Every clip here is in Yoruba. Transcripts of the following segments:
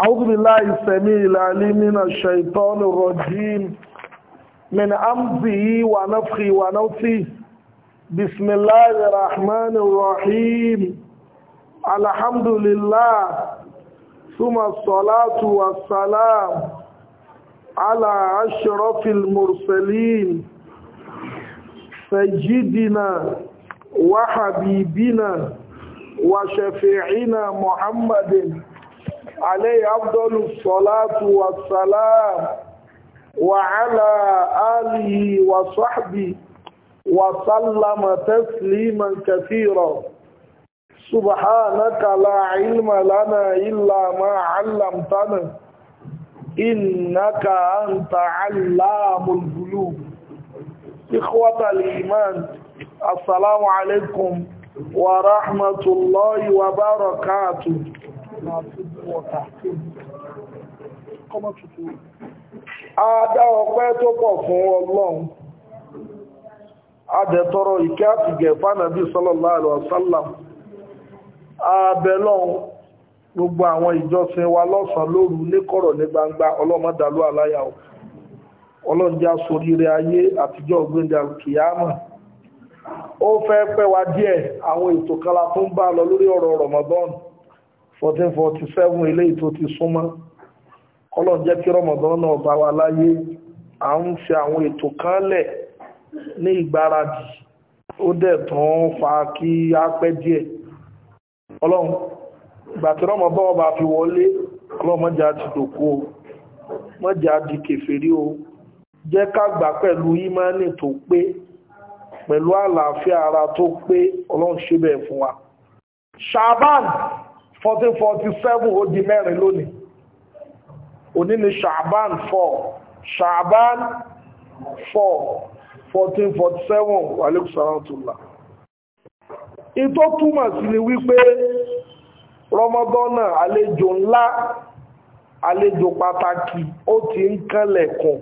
أعوذ بالله السميع العليم من الشيطان الرجيم من أمضه ونفخه ونوته بسم الله الرحمن الرحيم الحمد لله ثم الصلاة والسلام على أشرف المرسلين سيدنا وحبيبنا وشفيعنا محمد عليه أفضل الصلاة والسلام وعلى آله وصحبه وسلم تسليما كثيرا سبحانك لا علم لنا إلا ما علمتنا إنك أنت علام القلوب إخوة الإيمان السلام عليكم ورحمة الله وبركاته water common to do. Adá ọpẹ́ tó pọ̀ fún Ọlọ́run. Adẹ̀tọrọ ìkẹ́ àtìgẹ̀ fánàbí gbogbo àwọn ìjọsìn wa lọ́sàn lóru ní ní gbangba ọlọ́mọdàlú aláyà ọ̀. ayé àtijọ́ 1447 eléyìí tó ti súnmọ́ ọlọ́run jẹ́ kí rọmọdán náà bá wa láyé à ń fi àwọn ètò kan lẹ̀ ní ìgbáradì ó dẹ̀ tán fa kí á pẹ́ díẹ̀ ọlọ́run ìgbà tí rọmọdán bá fi wọlé ọlọ́run mọ́jà ti dòkó o mọ́jà di kèfèrí o jẹ́ ká gbà pẹ̀lú ímánì tó pé pẹ̀lú àlàáfíà ara tó pé ọlọ́run ṣe bẹ́ẹ̀ fún wa ṣàbáàmù 1447 ó di mẹ́rin lónìí òní ni ṣàbán 4 ṣàbán 4 1447 alẹ́kùsàrántùlá ìtò túmọ̀ sí ni wípé rọmọdọ́nà àlejò ńlá àlejò pàtàkì ó ti ń kànlẹ̀kùn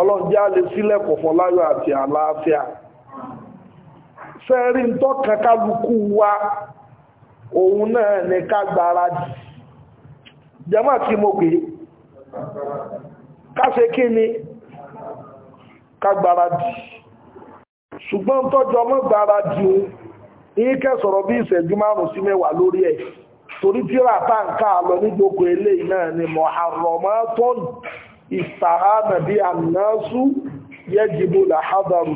ọlọ́njẹ́ alẹ́ sílẹ̀kùn fún láyọ̀ àti àlàáfíà sẹ́rí ń tọ́ka kálukú wa òun náà ni ká gbáradì jẹ́mọ́ kí mo pè ká ṣe kí ni ká gbáradì ṣùgbọ́n tọ́jú ọmọ o ní kẹsọ̀rọ̀ bí ìṣẹ́jú márùn sí mẹ́wàá lórí ẹ̀ torí tíra táǹkà lọ nígbòkó eléyìí náà ni muharramatun bí làhádàrú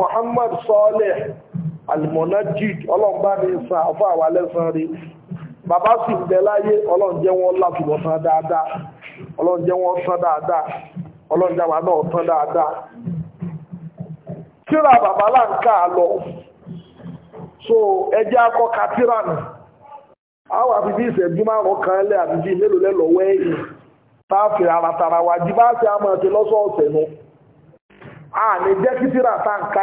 Muhammad àlùmọ̀nà jid ní san àfọ́ àwa lẹ́sàn rí bàbá sì ń láyé wọn látùbọ̀ tán dáadáa ọlọ́run wọn tán dáadáa ọlọ́run jáwa náà tán dáadáa tíra bàbá láǹkà lọ so ẹjẹ́ ka tíra nù àwọn àbíbí ìṣẹ́jú kan lẹ́ àbíbí mélòó táàfì ti lọ́sọ̀ọ̀sẹ̀ àní jẹ́ kí tíra táǹkà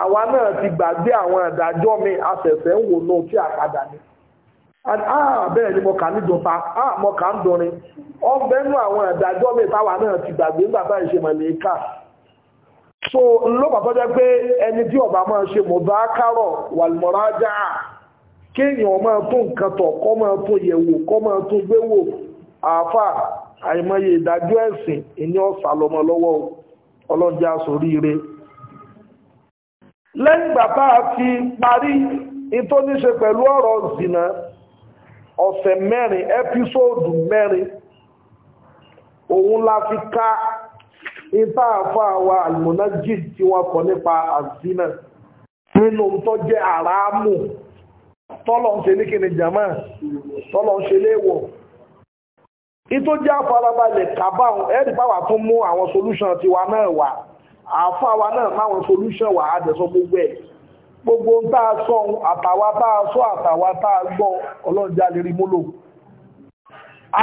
àwa náà ti gbàgbé àwọn ìdájọ́ mi àṣẹ̀ṣẹ̀ ń wò náà tí àpadà ni ah, bẹ́ẹ̀ ni mo kà ní dọ̀ta ah, mo kà ń dọrin ọgbẹ́nu àwọn ìdájọ́ mi táwa náà ti gbàgbé nígbà bá ìṣe so lọ́pàá tó jẹ́ pé ẹni tí ọba máa ṣe mọ̀bá kárọ̀ wàlùmọ̀rájà kéèyàn máa tún nǹkan tọ̀ kọ́ máa tún yẹ̀wò kọ́ máa tún gbéwò àáfà àìmọye ìdájọ́ ẹ̀sìn ìní ọ̀sà lọ́mọ lọ́wọ́ ọlọ́jà sóríire lẹ́yìn ìgbà tá a fi parí ìtò níṣe pẹ̀lú ọ̀rọ̀ zìnà ọ̀sẹ̀ mẹ́rin ẹ́písòdù mẹ́rin òun la fi ká ìta àfa àwa àlùmọ́nájì tí wọ́n kọ nípa àzìnà nínú tó jẹ́ àràámù tọ́lọ̀ ń ṣe ní kíni jàmá tọ́lọ̀ ń ṣe léèwọ̀ ìtò jẹ́ àfarabalẹ̀ kábàáhùn ẹ̀ẹ́dì báwa tún mú àwọn solúṣàn tiwa náà wà àáfàá wa náà máwọn solution wà á dẹ̀ sọ gbogbo ẹ̀ gbogbo ń táa sọ àtàwà táa sọ àtàwà táa gbọ́ ọlọ́njà lè rí múlò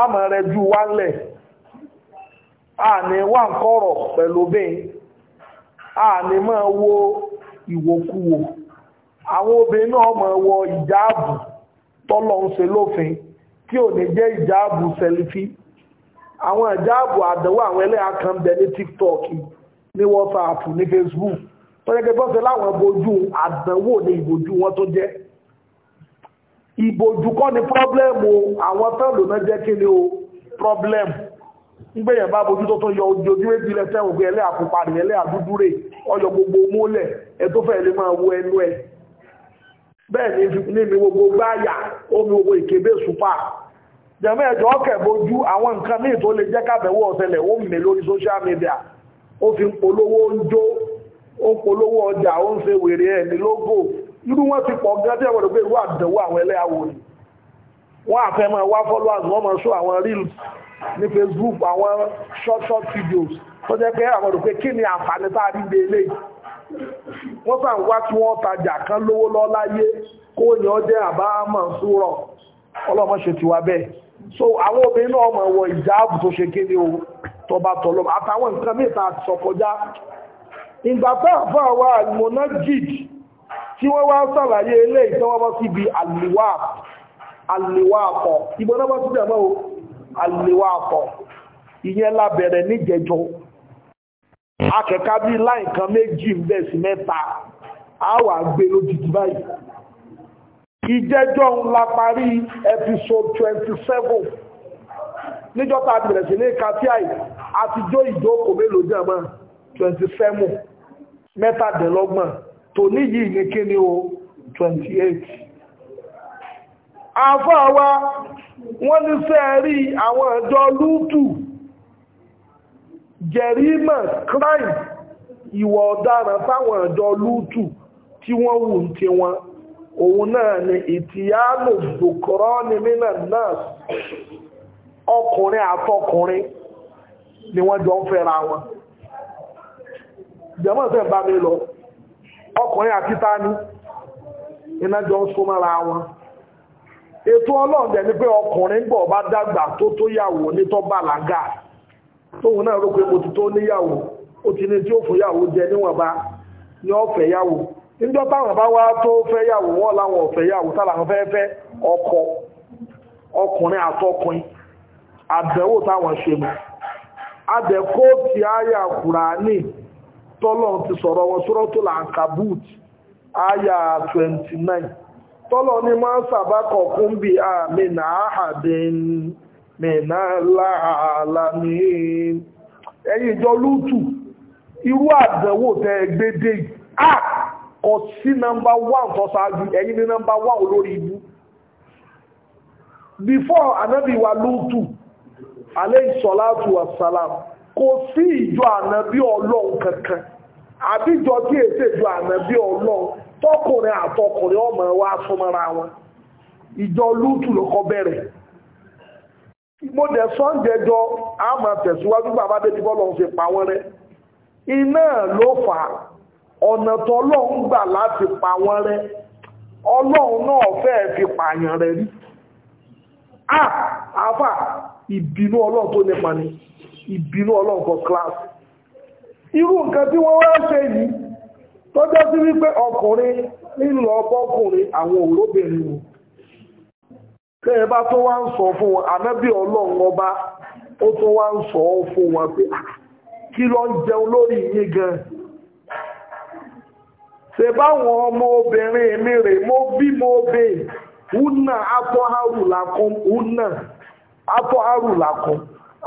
àmọ̀ rẹ̀ ju wá ńlẹ̀ àní wà ń kọ̀rọ̀ pẹ̀lú bẹ́ẹ̀ àní máa wo ìwòkuwò àwọn obìnrin náà máa wọ ìjáàbù tọ́lọ̀ ń ṣe lófin tí ò ní jẹ́ ìjáàbù sẹlifí àwọn ìjáàbù àdánwò àwọn ẹlẹ́yà kan bẹ ní tiktok yìí ní WhatsApp ní Facebook tọ́jẹ́gẹ́ bọ́ sí láwọn ìbojú àdánwò ní ìbojú wọn tó jẹ́ ìbojú kọ́ ni pọ́blẹ́mù àwọn tán lò náà jẹ́ kí ni o pọ́blẹ́mù nígbẹ̀yàn bá bojú tó tún yọ ojú méjì lẹ́sẹ̀ ògbé ẹlẹ́ àpupa rẹ̀ ẹlẹ́ àdúdúrè ọyọ gbogbo mólẹ̀ ẹ tó fẹ́ lè máa wo ẹnu ẹ bẹ́ẹ̀ ni mi gbogbo gbáyà omi gbogbo ìkébé súpà jẹ̀mọ́ ẹ̀jọ́ ọkẹ̀ bojú àwọn nǹkan míì tó lè jẹ́ kábẹ̀wọ̀ ọ̀sẹ̀lẹ̀ ó mè lórí social media ó fi ń polówó ń jó ó ń polówó ọjà ó ń ṣe wèrè ẹ̀ ní lógò irú wọn ti pọ̀ gan tẹ́wọ̀n rẹ̀ pé irú àdánwò àwọn ẹlẹ́yàwó ni wọ́n àfẹ́ máa wá followers wọ́n máa show àwọn reels ní Facebook àwọn short short videos tó jẹ́ pé àwọn rò pé kí ni àǹfààní tá a rí gbé lé wọ́n sàn wá tí wọ́n tajà kan lówó lọ láyé kó yàn jẹ́ àbá Mansura ọlọ́mọ ṣe tiwa bẹ́ẹ̀ so àwọn obìnrin náà mọ̀ wọ ìjáàbù tó ṣe kéde o tọba tọlọ àtàwọn nǹkan mẹ́ta sọ kọjá ìgbà tá àfà wa almonajid tí wọ́n wá sàlàyé ilé ìtọ́wọ́ bọ́ síbi àlèwà àlèwà àpọ̀ ìbọn náà bọ́ síbi àmọ́ àlèwà àpọ̀ ìyẹn lábẹ̀rẹ̀ níjẹjọ akẹ́kà bí láì kan méjì ń bẹ̀ sí mẹ́ta a wà gbé parí episode níjọ́ tá a bẹ̀rẹ̀ sí ní kàtíàì àtijọ́ ìjókòó mélòó jẹ́ mọ́ twenty seven mẹ́tàdínlọ́gbọ̀n tòní yìí ní kíni o twenty eight. àfáà wa wọ́n ní sẹ́ẹ̀rí àwọn ọjọ́ lútù jẹ̀rímọ̀ crime ìwọ̀ ọ̀daràn fáwọn ọjọ́ lútù tí wọ́n wù ń ti òun náà ni ìtìyánù dòkòrọ́ ni mínà náà ọkùnrin àtọkùnrin ni wọ́n jọ ń fẹ́ra wọn jẹ́mọ́ bá mi lọ ọkùnrin àti tání iná jọ ń mọ́ra wọn ni pé ọkùnrin gbọ́ bá dàgbà tó tó yàwó nítọ́ bàlágà náà mo ti tó níyàwó ó ti ní tí ó ní ọ̀fẹ́ yàwó níjọ́ táwọn bá wá tó fẹ́ yàwó wọ́n láwọn ọ̀fẹ́ yàwó fẹ́ fẹ́ ọkùnrin àbẹ̀wò táwọn ṣe mú adẹ̀kó ti àyà kùránì tọ́lọ̀ ti sọ̀rọ̀ wọn Suratul Ankabut àyà 29 tọ́lọ̀ ní máa ń sàbákọ̀ kún bí àmì náà àdín mìíràn láàlámí ẹ̀yìn ìjọ lútù irú àdẹ̀wò tẹ́ ẹgbẹ́ dé kò sí nọmba wán tó ṣáájú ẹ̀yìn ní nọmba wán olórí ibú before anábìwá lútù alẹ́ ìsọ̀láàtù wasalam kò sí ìjọ ànábí ọlọ́run kankan àbíjọ tí èsè ìjọ ànábí ọlọ́run tọkùnrin àtọkùnrin ọmọ wa súnmọ́ra wọn ìjọ lútù ló kọ́ bẹ̀rẹ̀ mo dẹ̀ sọ́njẹjọ a máa tẹ̀síwájú bàbá débi bọ́ọ̀lù ọ̀hún ṣe pa wọ́n rẹ́ iná ló fà á ọ̀nà tó ọlọ́run gbà láti pa wọ́n rẹ́ ọlọ́run náà fẹ́ẹ́ fi pààyàn rẹ̀ rí ah, àfà ìbínú ọlọ́run tó nípa ni ìbínú ọlọ́run for class irú nǹkan tí wọ́n wá ṣe yìí tó jẹ́ sí wípé ọkùnrin nínú àwọn òróbìnrin bá tó wá ń sọ fún wọn ànábì ọlọ́run ọba ó tó wá ń sọ fún wọn pé kí ló ń jẹun lórí yín atọ́ àrù làkún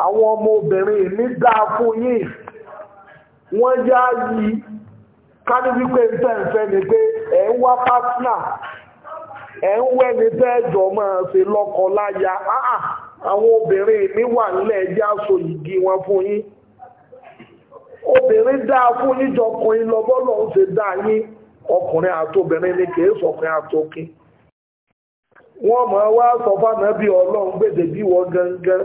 àwọn ọmọ obìnrin ní dáa fún yìí wọ́n yá yí ká ní ń tẹ̀sẹ̀ ni pé ẹ̀ ń wá pátínà ẹ̀ ń wẹ́ ní tẹ́ẹ̀jọ́ máa ṣe lọ́kọ láya àwọn obìnrin mi wà nílẹ̀ ẹjẹ́ aṣọ yìí wọn fún yín obìnrin dáa fún yín jọkùnrin lọ bọ́lọ̀ ń ṣe dáa yín ọkùnrin àtobìnrin ni kì í sọkùnrin àtòkín. wọ́n ma wá sọ fánàbí ọlọ́run gbèdè bí wọ́n gangan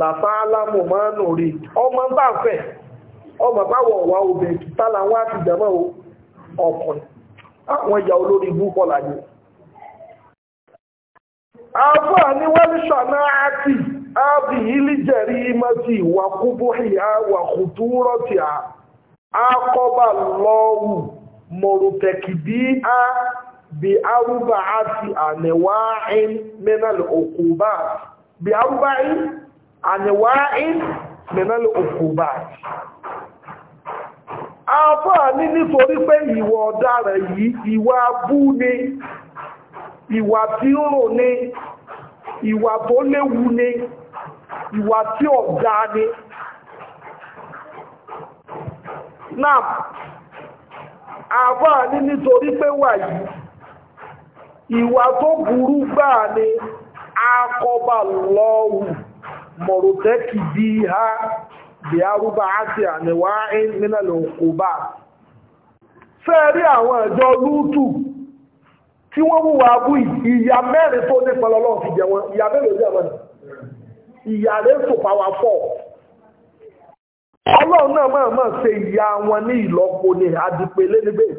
làfá alámù máa nù rí ọmọ bá fẹ́ ọmọ báwọ̀ wá obẹ̀ títà láwọn àti jẹmọ́ ọkùnrin àwọn ìyà olórí ibú kọlà ní afọ́ ní wẹ́líṣọ̀ àti ábì ilé jẹ̀rí mọ́tì wà kúbú ìyá wà kùtù rọ̀tì à lọ́wù mọ̀rùtẹ̀kì bí á bí arúgbà àti ànẹ̀wáín mẹ́nàlẹ̀ òkúbà bí arúgbà ànẹ̀wáín mẹ́nàlẹ̀ òkúbà àfáà ní nítorí pé ìwà ọ̀daràn yìí ìwà bú ni ìwà tí ó rò ní ìwà tó léwu ni ìwà tí ọ̀dá ni náà àfáà ní nítorí pé wà yìí ìwà tó burú gbáà ni akọba lọ́wù mọ̀rọ̀tẹ́kì bí ha bí arúgbà àti àníwá ìmìnàlẹ̀ òkúbà fẹ́ẹ̀rí àwọn ẹ̀jọ́ lútù tí wọ́n mú wà bú ìyà mẹ́rin tó nípa lọ́lọ́ fi jẹ wọn ìyà mẹ́rin jẹ́ wọn ìyà rẹ̀ tó pàwà fọ́ ọlọ́run náà máa máa ṣe ìyà wọn ní ìlọ́po ní adìpele níbẹ̀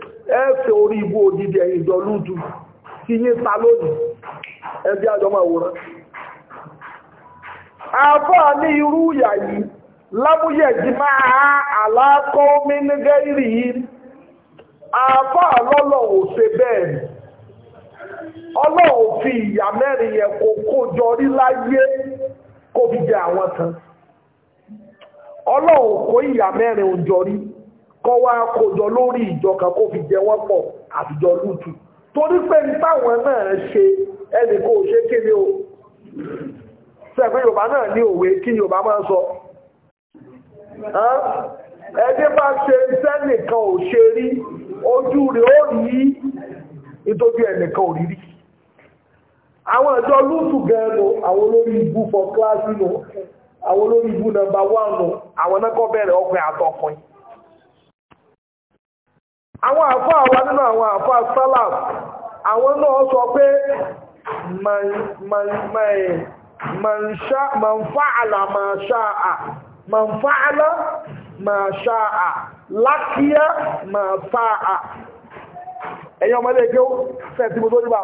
ṣe orí ibú odidi ẹ̀yìn ti ta lónìí ẹbí àjọmọ̀ àwòrán ní irú ìyà yìí lábúyẹ̀ jí máa àlákọ́ mínúgẹ́ ìrì yìí àfáà lọ́lọ́ ò bẹ́ẹ̀ ni fi ìyà mẹ́rin yẹn kò kó jọrí láyé kó fi jẹ àwọn kó ìyà mẹ́rin kọ́ wá torí pé ní táwọn náà ṣe ẹnì kò ṣe kí ni o sẹ́gbẹ́ yorùbá náà ní òwe kí yorùbá máa sọ ẹni bá ṣe iṣẹ́ nìkan ò ṣe rí ojú rẹ̀ ó rí ìtọ́jú ẹnìkan ò rí rí àwọn ẹ̀jọ́ lóṣù gan-an nù àwọn olórí ibú fọ kíláàsì nù àwọn olórí ibú nàmbà wà nù àwọn náà bẹ̀rẹ̀ ọkùnrin àtọkùnrin àwọn àfáà wa nínú àwọn àfáà sálàm àwọn náà sọ pé mọ̀nfààlà máa ṣáà mọ̀nfààlà máa ṣáà lákíá máa sáà ẹ̀yìn ọmọdé kí ó fẹ́ tí mo tó níbà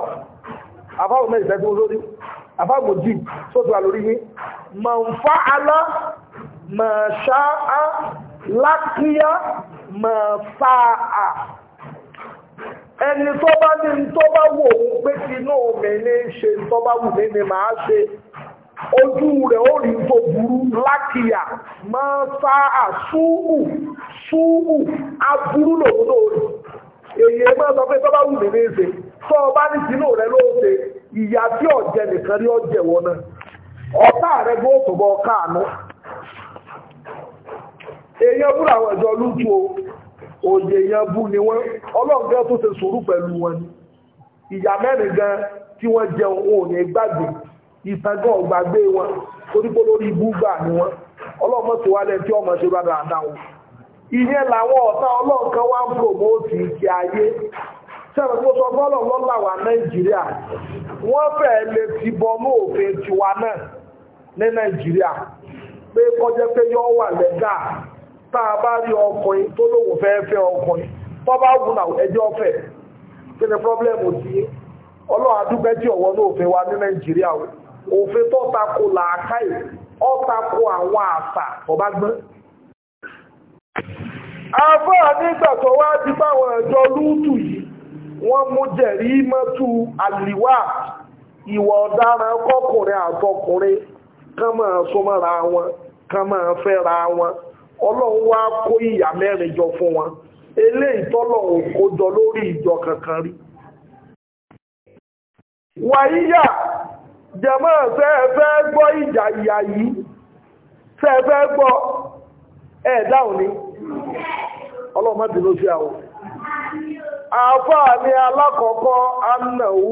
àfáà mẹ́rin fẹ́ tí mo tó ní àfáà mò jí sótò àlórí ní mọ̀nfààlà máa ṣáà lákíá máa fa à ẹni tó bá ní tó bá wò ó pé inú mi ní ṣe tó bá wù mí ni màá ṣe ojú rẹ̀ ó rí tó burú lákìyà máa fa à súhù súhù aburú lòun náà rí èyí ẹ máa sọ pé tó bá wù mí ní ṣe tó o ní tinú rẹ̀ ló ṣe ìyá tí ọ̀jẹ̀ nìkan rí ọ̀jẹ̀ wọn náà ọ̀tá rẹ̀ gbọ́ sọ̀bọ̀ káànú èèyàn búrò àwọn ẹ̀jọ́ lútu o òye èèyàn bú ni wọ́n tó ṣe sùúrù pẹ̀lú wọn ni ìyá mẹ́rin gan tí wọ́n jẹun òun ní gbàgbé ọgbàgbé wọn wọn torípò lórí ni wọn wálẹ̀ tí ọmọ ṣe rárá àdáwọn làwọn ọ̀tá ọlọ́ọ̀kan wá ń ìkí ayé tó sọ lọ́la wà nàìjíríà lè ti bọnú òfin tiwa náà ní pé kọjá tá a bá rí ọkùnrin tó lóun fẹ́ fẹ́ ọkùnrin tó bá wù náà ẹjọ́ fẹ́ kí ni pọ́blẹ́mù ti ọlọ́run adúgbẹ́ tí ọ̀wọ́ náà òfin wa ní nàìjíríà òfin tó tako làákàyè ó tako àwọn àṣà ọba gbọ́n afọ́ nígbà tó wá di báwọn ẹ̀jọ́ lúùtù yìí wọ́n mú jẹ̀rí mọ́tú àlìwà ìwà ọ̀daràn kọkùnrin àtọkùnrin kán máa súnmọ́ra wọn kán máa fẹ́ra wọn ọlọ́run wá kó ìyà mẹ́rin jọ fún wọn elé tọ́lọ́run kó jọ lórí ìjọ kankan rí wàyíyà jẹmọ́ fẹ́ẹ̀fẹ́ gbọ́ ìjà ìyà yìí fẹ́ẹ̀fẹ́ gbọ́ ẹ̀ẹ́dáhùn ni ní alákọ̀ọ́kọ́ annáwú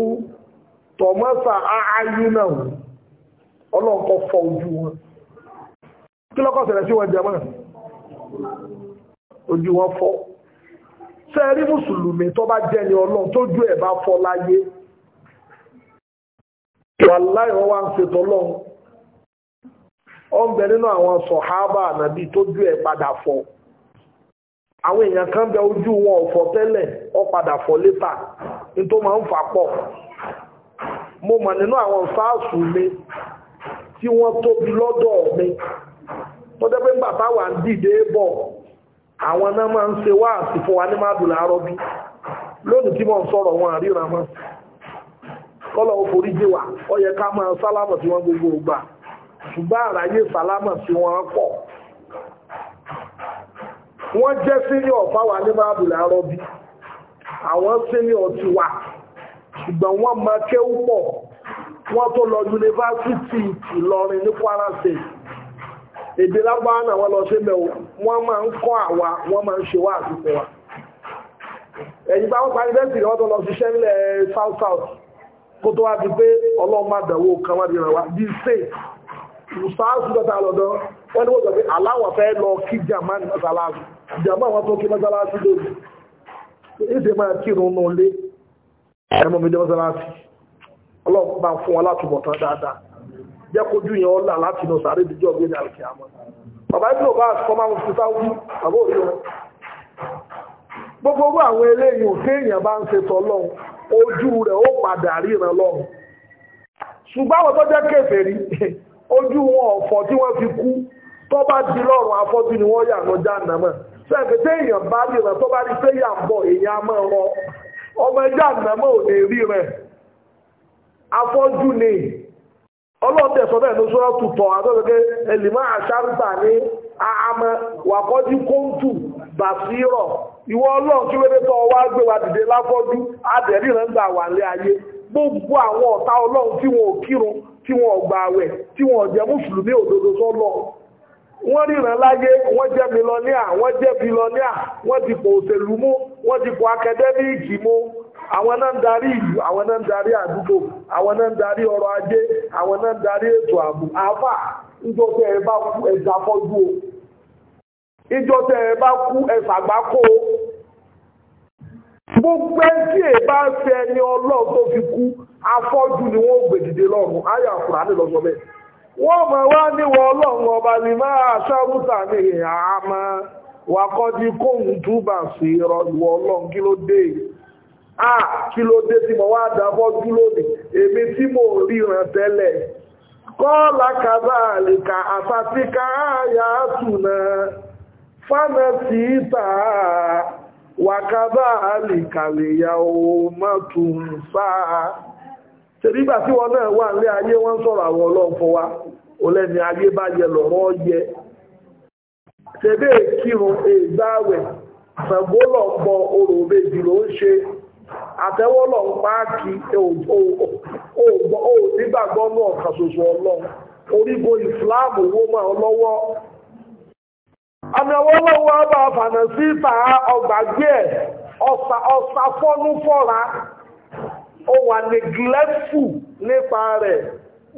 tọ̀mọ́sà àáyúnáwú ọlọ́nkọ́ fọ́ ojú wọn kí lọ́kọ̀ wọn ojú wọn fọ́ sẹ́ẹ̀rí mùsùlùmí tó bá jẹ́ ni ọlọ́run tójú ẹ̀ bá fọ́ láyé wàláì wọ́n wá ń ṣètò ọlọ́run ó nínú àwọn sọ̀hábà ànàbí tójú ẹ̀ padà fọ́ àwọn èèyàn kan bẹ ojú wọn ọ̀fọ̀ tẹ́lẹ̀ ó padà fọ́ létà ní tó máa ń fà pọ̀ mo mọ̀ nínú àwọn sáàsù mi tí wọ́n tóbi lọ́dọ̀ mi tó jẹ́ pé bàbá wa ń dìde bọ̀ àwọn náà máa ń ṣe wá àti fún wa ní mádùlá rọ́bí lónìí tí wọ́n sọ̀rọ̀ wọn àríra mọ́ kọ́lọ̀ òforí jẹ́ wà ó yẹ ká máa sálámọ̀ sí wọn gbogbo ìgbà ṣùgbọ́n àráyé sálámọ̀ sí wọn pọ̀ wọ́n jẹ́ senior fáwa ní mádùlá rọ́bí àwọn senior ti wà ṣùgbọ́n wọ́n máa kéwú pọ̀ wọ́n tó lọ yunifásitì Ìlọrin ní Kwara State èdè lágbá náà wọ́n lọ sí mẹ́wọ́ wọ́n máa ń kọ́ àwa wọ́n máa ń ṣe wá àtúnṣe wa ẹ̀yìn bá wọ́n parí bẹ́ẹ̀sì lọ ṣiṣẹ́ nílẹ̀ south south kó tó wá di pé ọlọ́run máa dàwó kan di ràn wá lọ́dọ́ wọ́n sọ pé aláwọ̀ fẹ́ lọ kí jamani mọ́sálásù jamani wọn tó kí máa kírun nù lé ẹ̀rọ jẹ́ kojú yẹn ọ̀la láti inú sàárè ìdíjọ́ gbé ní àlùkí àmọ́ bàbá ibi ò bá sọ máa ń fi sáwùjú bàbá òjò gbogbo owó àwọn eléyìí ò téèyàn bá ń ṣe tọ́lọ́run ojú rẹ̀ ó padà ríran lọ́run ṣùgbọ́n àwọn tó jẹ́ kèfèrí ojú wọn ọ̀fọ̀ tí wọ́n fi kú tó bá di lọ́rùn afọ́jú ni wọ́n yà lọ jáàna mọ́ sẹ́ẹ̀kì téèyàn bá ríran tó bá rí pé yà ń bọ̀ èèyàn máa rọ ọmọ jáàna mọ́ ò lè rí rẹ̀ afọ́jú ni ọlọ́ọ̀dẹ sọ bẹ́ẹ̀ ló sọ́rọ́ tutọ̀ àtọ́gẹ́gẹ́ ẹlìmọ́ àṣàrùtà ní àmọ́ wàkọ́jú kóńtù bàṣírọ̀ ìwọ ọlọ́ọ̀ kí wẹ́rẹ́ tó wá gbé wa dìde láfọ́jú àdẹ̀rí rẹ̀ ń gbà wà lé ayé gbogbo àwọn ọ̀tá ọlọ́run tí wọn ò kírun tí wọn ò gbààwẹ̀ tí wọn ò jẹ́ mùsùlùmí òdodo sọ́lọ́ọ̀ wọ́n ríran láyé wọ́n jẹ́ mílọ́níà wọ́n jẹ́ bílọ́níà wọ́n ti pò òṣèlú mú wọ́n ti pò akadẹ́míìkì mú àwọn náà ń darí ìlú àwọn náà ń darí àdúgbò àwọn náà ń darí ọrọ̀ ajé àwọn náà ń darí ètò ààbò àfà ìjọ tẹ ẹ bá kú ẹja fọjú o ìjọ tẹ ẹ bá kú ẹsàgbá kó o gbogbo ẹtí ẹ bá ṣe ẹni ọlọ́ọ̀ tó fi kú afọ́jú ni wọ́n gbèdìde lọ́rùn ayọ̀ àkùrá nílọ́sọ bẹ́ẹ̀ wọ́n mọ̀ wá níwọ̀ ọlọ́run ọba lè máa ṣáwúta ní àmà wàkọ́dí kóhùn túbà sí ìrọ̀lùwọ̀ ọlọ́run kí ló dé ah kí ló dé tí mo wá dábọ́ dúró ní èmi tí mo ríran tẹ́lẹ̀ kọ́ọ̀lá kàbá àlèkà àtàtíkà àyà àtùnà fánà sí ìta wàkàbá àlèkà lèyà òun mọ́tún sáà ṣèbígbà tí wọn náà wà nílé ayé wọn sọ̀rọ̀ àwọn ọlọ́run fún wa olẹ́ni ayé bá yẹ lọ́rọ́ yẹ ṣèbé kírun ègbáwẹ̀ ṣàgbó lọ bọ orò méjì ló ń ṣe àtẹ́wọ́ lọ ń páàkì nígbàgbọ́ náà kan ṣoṣo ọlọ́run orígbó ìsìláàmù owó máa lọ́wọ́ àmì ọwọ́ lọ́wọ́ bá fànà sí ìta ọgbàgbé ẹ̀ ọ̀sàfọ́nú fọ́ra o wà nípa rẹ̀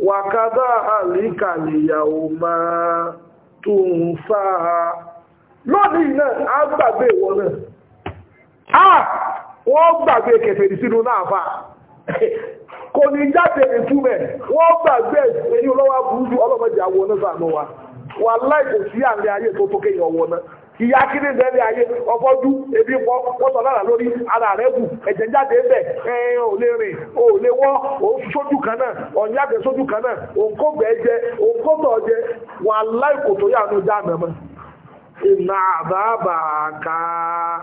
wàkádà àlìkàlìyàwó máa tó ń fáa lónìí náà á gbàgbé ìwọ náà á wọ́n gbàgbé kẹfẹ̀ẹ́ sínú náà fà kò ní jáde ìtumẹ̀ wọ́n gbàgbé ẹ̀yìn olówó burúkú ọlọ́mọdé àwọn náà wà sí ayé ìyá kiri ìrẹ́lẹ̀ ayé ọgbọ́dú ebi pọ̀ pọ́sọ̀lára lórí ara rẹ̀ bù ẹ̀jẹ̀ jáde ń ẹ̀yìn ò lè rìn ò lè wọ́ òun sójú kan náà ọ̀yìn àgbẹ̀ sójú kan náà òun kó gbẹ̀ jẹ òun kó tọ̀ jẹ wà láìkò tó yà ní iná àbábà ká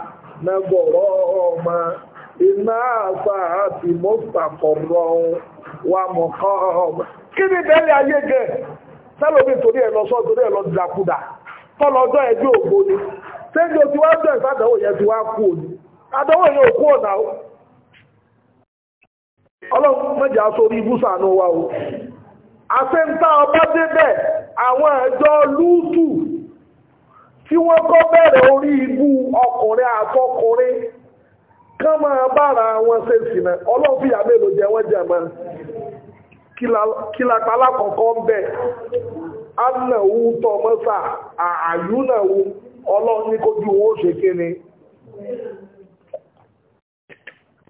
ọmọ tọ́lọ́jọ́ ẹjọ́ ògbó ni sẹ́jọ́ tí wá jọ ìfàdánwò yẹn ti wá kú òní yẹn ọ̀nà o àṣẹ́ńtà ọba débẹ̀ àwọn ẹjọ́ lúùtù tí wọ́n kọ́ bẹ̀rẹ̀ orí ibu ọkùnrin àtọkùnrin kán máa bára wọn ṣe ọlọ́run fìyà mélòó jẹ wọ́n jẹ mọ́ kí annahu tọmọ́sà àyúnàwó ọlọ́run ní kójú wọn ó ṣe kí ni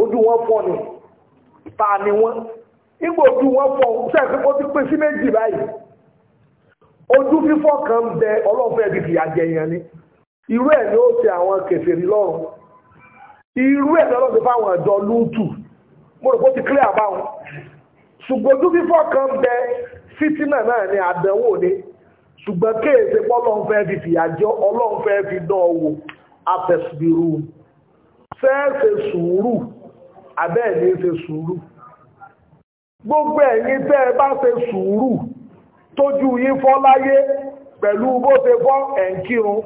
ojú wọn fọ́ ni ta ni wọ́n nígbà ojú wọn fọ́ sẹ́ẹ̀sì kó ti pín sí méjì báyìí ojú fífọ́ kan bẹ ọlọ́fẹ́ di fìyà jẹyàn ni irú ẹ̀ ni ó ṣe àwọn kèfèrí lọ́rùn irú ẹ̀ ni ọlọ́fẹ́ fáwọn ọ̀dọ́ lútù mo rò pé ti clear báwọn ṣùgbọ́n ojú fífọ́ kan bẹ fítínà náà ni àdánwò ni ṣùgbọ́n kéèsè pọ́lọ́n fẹ́ fi fìyàjọ́ ọlọ́run fẹ́ fi dán owó afẹ́sìbìrú fẹ́ẹ̀sẹ̀ sùúrù abẹ́ẹ̀ni ṣe sùúrù gbogbo ẹ̀yin tẹ́ ẹ bá ṣe sùúrù tójú yín fọ́ láyé pẹ̀lú bó ṣe fọ́ ẹ̀ ń kírun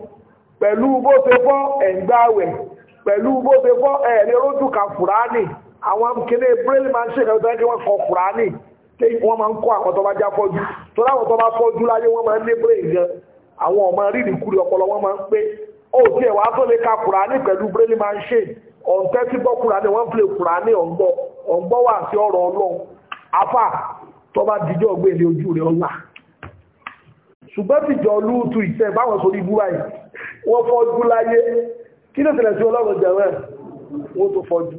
pẹ̀lú bó ṣe fọ́ ẹ̀ pẹ̀lú bó ṣe fọ́ ẹ̀ lè àwọn kéde braille man ṣe kẹta ẹgbẹ́ wọn kọ kùránì tí wọ́n máa ń kọ́ àwọn tó bá já fọ́jú tó láwọn tó bá fọ́jú láyé wọ́n máa ń ní braille gan àwọn ọmọ rírì kúrì ọpọlọ wọn máa ń pé ó ti ẹ̀wà tó lè ka kùránì pẹ̀lú braille man ṣe ọ̀ǹtẹ́ tí gbọ́ kùránì wọ́n fi kùránì ọ̀ǹgbọ́ ọ̀ǹgbọ́ wà sí ọ̀rọ̀ ọlọ́run afá tó bá dijọ́ gbélé ojú rẹ̀ ọ̀la ṣùgbọ́n tìjọ lúùtù ìṣẹ́ báwọn sórí búra yìí wọ́n fọ́jú láyé kí ló ṣẹlẹ̀ sí ọlọ́run jẹ̀rẹ̀ wọ́n tó fọ́jú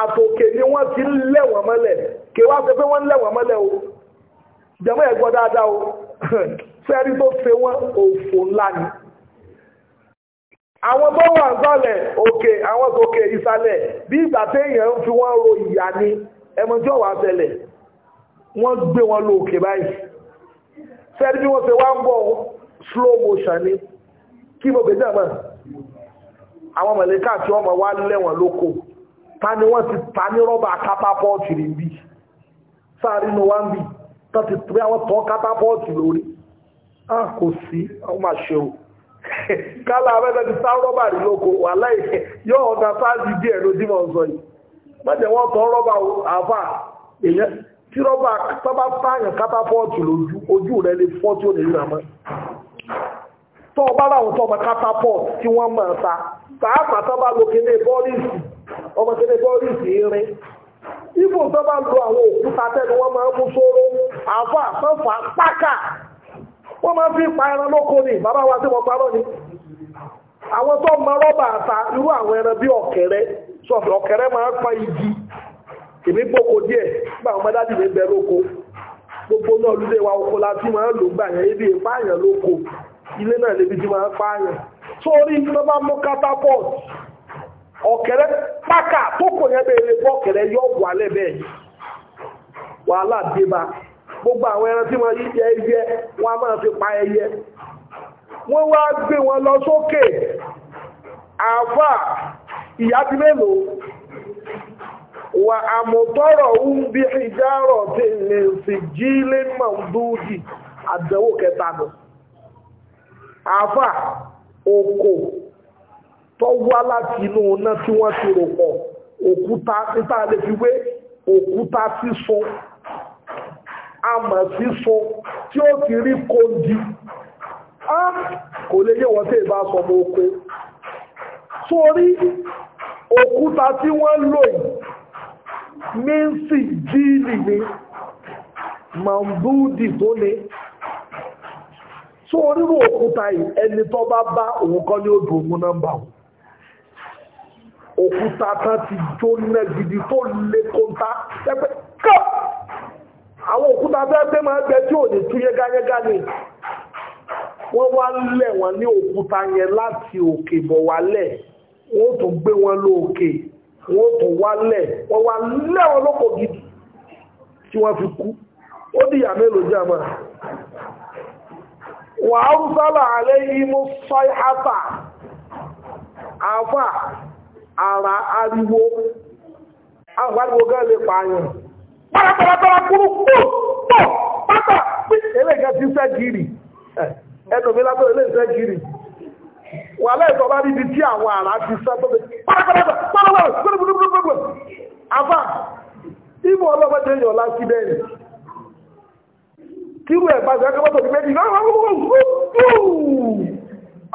àtòkè ni wọ́n ti ń lẹ̀wọ̀n mọ́lẹ̀ kí wá sọ pé wọ́n ń lẹ̀wọ̀n mọ́lẹ̀ o jẹ́mọ́ ẹ̀ gbọ́ dáadáa o fẹ́rí tó ṣe wọ́n òfò ńlá ni. àwọn tó wà nsọ́lẹ̀ òkè àwọn tòkè ìsàlẹ̀ bí ìgbà téèyàn ń fi wọ́n ro ìyá ni ẹmọjọ́ wà ṣẹlẹ̀ wọ́n gbé wọn lọ òkè báyìí fẹ́rí bí wọ́n ṣe wá ń bọ̀ slow motion ni kí mo gbé jẹ́ mọ́ àwọn mọ̀lẹ́kà tí wọ́n mọ̀ wá lẹ́wọ̀n lóko ta ni wọ́n ti ta ní rọ́bà kápápọ́ọ̀tì rí bí sáàrí ní wá ń bí tó ti tó àwọn tán kápápọ́ọ̀tì lórí a kò sí àwọn máa ṣe o kálá abẹ́fẹ́ ti sá rọ́bà rí lóko wà láì yóò ọ̀gá sáàjì díẹ̀ lójúmọ̀ sọ yìí mọ́jẹ̀ wọ́n tán rọ́bà àfà èèyàn tí rọ́bà sábà pààyàn kápápọ́ọ̀tì lójú ojú rẹ̀ lè fọ́ tí ó lè rà mọ́ tó ọba láwọn tó ọba kápápọ́ọ̀tì tí wọ́n máa ta tààpà tó bá lo kéde bọ́ọ̀lì ọmọ tẹ́lẹ̀ bọ́ọ̀lù sí irin ibù tó bá lo àwọn òkúta tẹ́nu wọ́n máa ń mú sóró àfọ́ àfọ́fà pákà wọ́n máa fi pa ẹran lóko ni bàbá wa tí mo parọ́ ni àwọn tó ma rọ́bà àta irú àwọn ẹran bí ọ̀kẹ́rẹ́ sọ̀fẹ̀ ọ̀kẹ́rẹ́ máa ń pa igi gbogbo náà lúdé wa oko la ti máa ń lò gbà yẹn lóko ilé náà ti máa ń sórí bá ọ̀kẹ́rẹ́ pákà tó kò yẹ bẹ́ẹ̀ bọ́ ọ̀kẹ́rẹ́ yọ wà lẹ́bẹ̀ wàhálà dé bá gbogbo àwọn ẹran tí wọ́n yí jẹ ẹyẹ wọ́n á máa fi pa ẹyẹ wọ́n wá gbé wọn lọ sókè àfà ìyá ti mélòó wà àmọ̀tọ́rọ̀ ń bí ìjárọ̀ tí lè sì jí lé mọ̀ dúdì kẹta nù àfà òkò tó wá láti inú iná tí wọ́n ti rò pọ̀ òkúta níta lè fi wé òkúta sísun amọ̀ sísun tí ó ti rí di á kò lè yé wọ́n tẹ́ ìbá sọmọ oko sórí òkúta tí wọ́n lò yìí mínsì jíìlì ni mambúdì tó ní sórí òkúta yìí ẹni tó bá bá òun kọ́ ní odò òun nọ́mbà wọn òkúta tán ti jóná gidi tó lé kóńtà ẹgbẹ́ kọ́ àwọn òkúta bẹ́ẹ̀ bẹ́ẹ̀ máa gbẹ tí ò ní tú yẹ́gáyẹ́gá ni wọ́n wá lẹ̀ wọ́n ní òkúta yẹn láti òkè bọ̀ wálẹ̀ wọ́n tún gbé wọn lóòkè wọ́n tún wálẹ̀ wọ́n wá lẹ̀ wọn lóko gidi tí wọ́n fi kú ó dìyà mélòó jẹ́ àmà wàá rúbálà àlẹ́ yìí mú sọ́yà àfà àfà ara ariwo àwọn ariwo lepa lè pààyàn pàràpàràpàrà kúrú pọ̀ pọ̀ pátá eléyìí ti fẹ́ gírì ti sẹ́ tó fi pàràpàràpàrà àfà ìmọ̀ ọlọ́mọdé yọ̀ láti bẹ́ẹ̀ kíru ẹ̀ bá ti méjì náà wọ́n wọ́n wọ́n wọ́n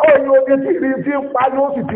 àwọn oge tí ìrìn tí pa sì ti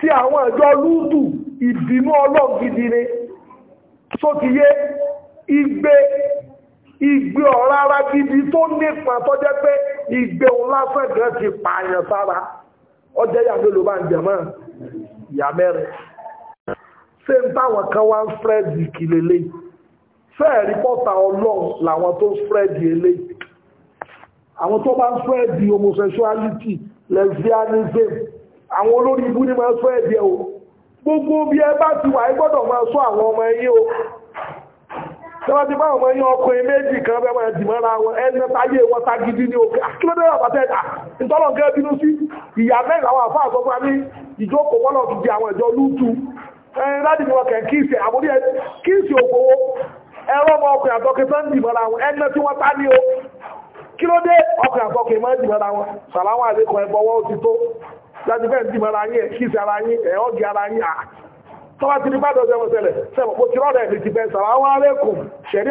tí àwọn ìjọ lúdù ìbínú ọlọ́gidi ni só ti yé igbe igbe ọ̀rá ara gidi tó nípa tó jẹ́ pé igbe òun lásán gan ti pààyàn sára ọjọ́ ìyá mélòó bá ń jẹ mọ́ ìyá mẹ́rin ṣé ń táwọn kan wá ń fúrẹ́dì kìlélẹ́ fẹ́ẹ̀rí pọ́ta ọlọ́run làwọn tó ń fúrẹ́dì eléyìí àwọn tó bá ń fúrẹ́dì homosexuality lesbianism àwọn olórí ibú ní máa sọ ẹ̀bí ẹ̀ o gbogbo bí ẹ bá ti wà gbọ́dọ̀ máa sọ àwọn ọmọ ẹ̀yìn o tẹ́wọ́n ti bá ọmọ ẹ̀yìn ọkùnrin méjì kan bẹ́ẹ̀ máa dì mọ́ra wọn ẹni táyé wọn ta gidi ní òkè akílódé ọ̀pá tẹ́ta ìtọ́lọ̀ gẹ́gẹ́ bínú sí ìyá mẹ́rin àwọn àfáà sọ fún mi ìjókòó wọ́lọ̀ fi di àwọn ìjọ lútu ẹni láti kí ló dé ọkùnrin àtọkùn ìmọ̀ ìdìmọ̀ra wọn sàláwọn àlékọ ẹ̀bọ̀wọ́ ti tó láti fẹ́ ìdìmọ̀ra yín ẹ̀kíṣì ara yín ẹ̀ọ́gì ara yín à tọ́wá ti ní gbádùn ọjọ́ ìmọ̀sẹ̀lẹ̀ sẹ́wọ̀n kò ti rọ́ọ̀dẹ̀ èmi ti bẹ́ sàláwọn àlékùn ṣẹ̀rí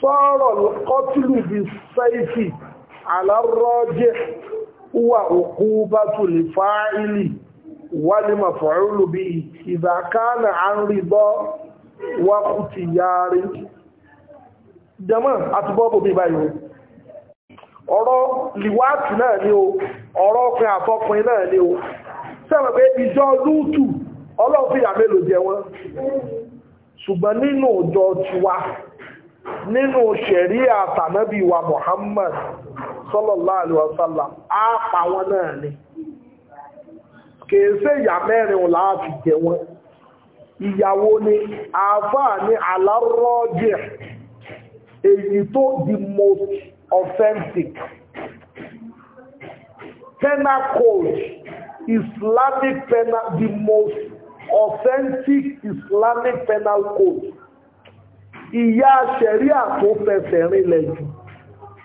sọ́rọ̀ kọtùlù bí sẹ́ẹ̀fì alárọ́jẹ́ wà òkú bá tó lè fáìlì wà ní mafọ̀rọ̀lù bí ìdàkánà àrídọ́ wà kú ti yáre jẹmọ́ àti bọ́bù bí báyìí ọ̀rọ̀ liwáàtì náà ni o ọ̀rọ̀ ọkùnrin àtọkùnrin náà ni o sẹ́wọ̀n pé ìjọ lútù ọlọ́fíà mélòó jẹ wọn ṣùgbọ́n nínú ọjọ́ tiwa nínú ṣẹ̀rí àtànábì wa Muhammad sallallahu alaihi wasallam á pa wọn náà ni kìí ṣe ìyà mẹ́rin láàfi jẹ wọn ìyàwó ni àáfàá ní alárọ́jẹ̀ èyí tó the most authentic penal code Islamic penal the most authentic Islamic penal ìyá sẹ̀ríà tó fẹsẹ̀ rinlẹ̀ jù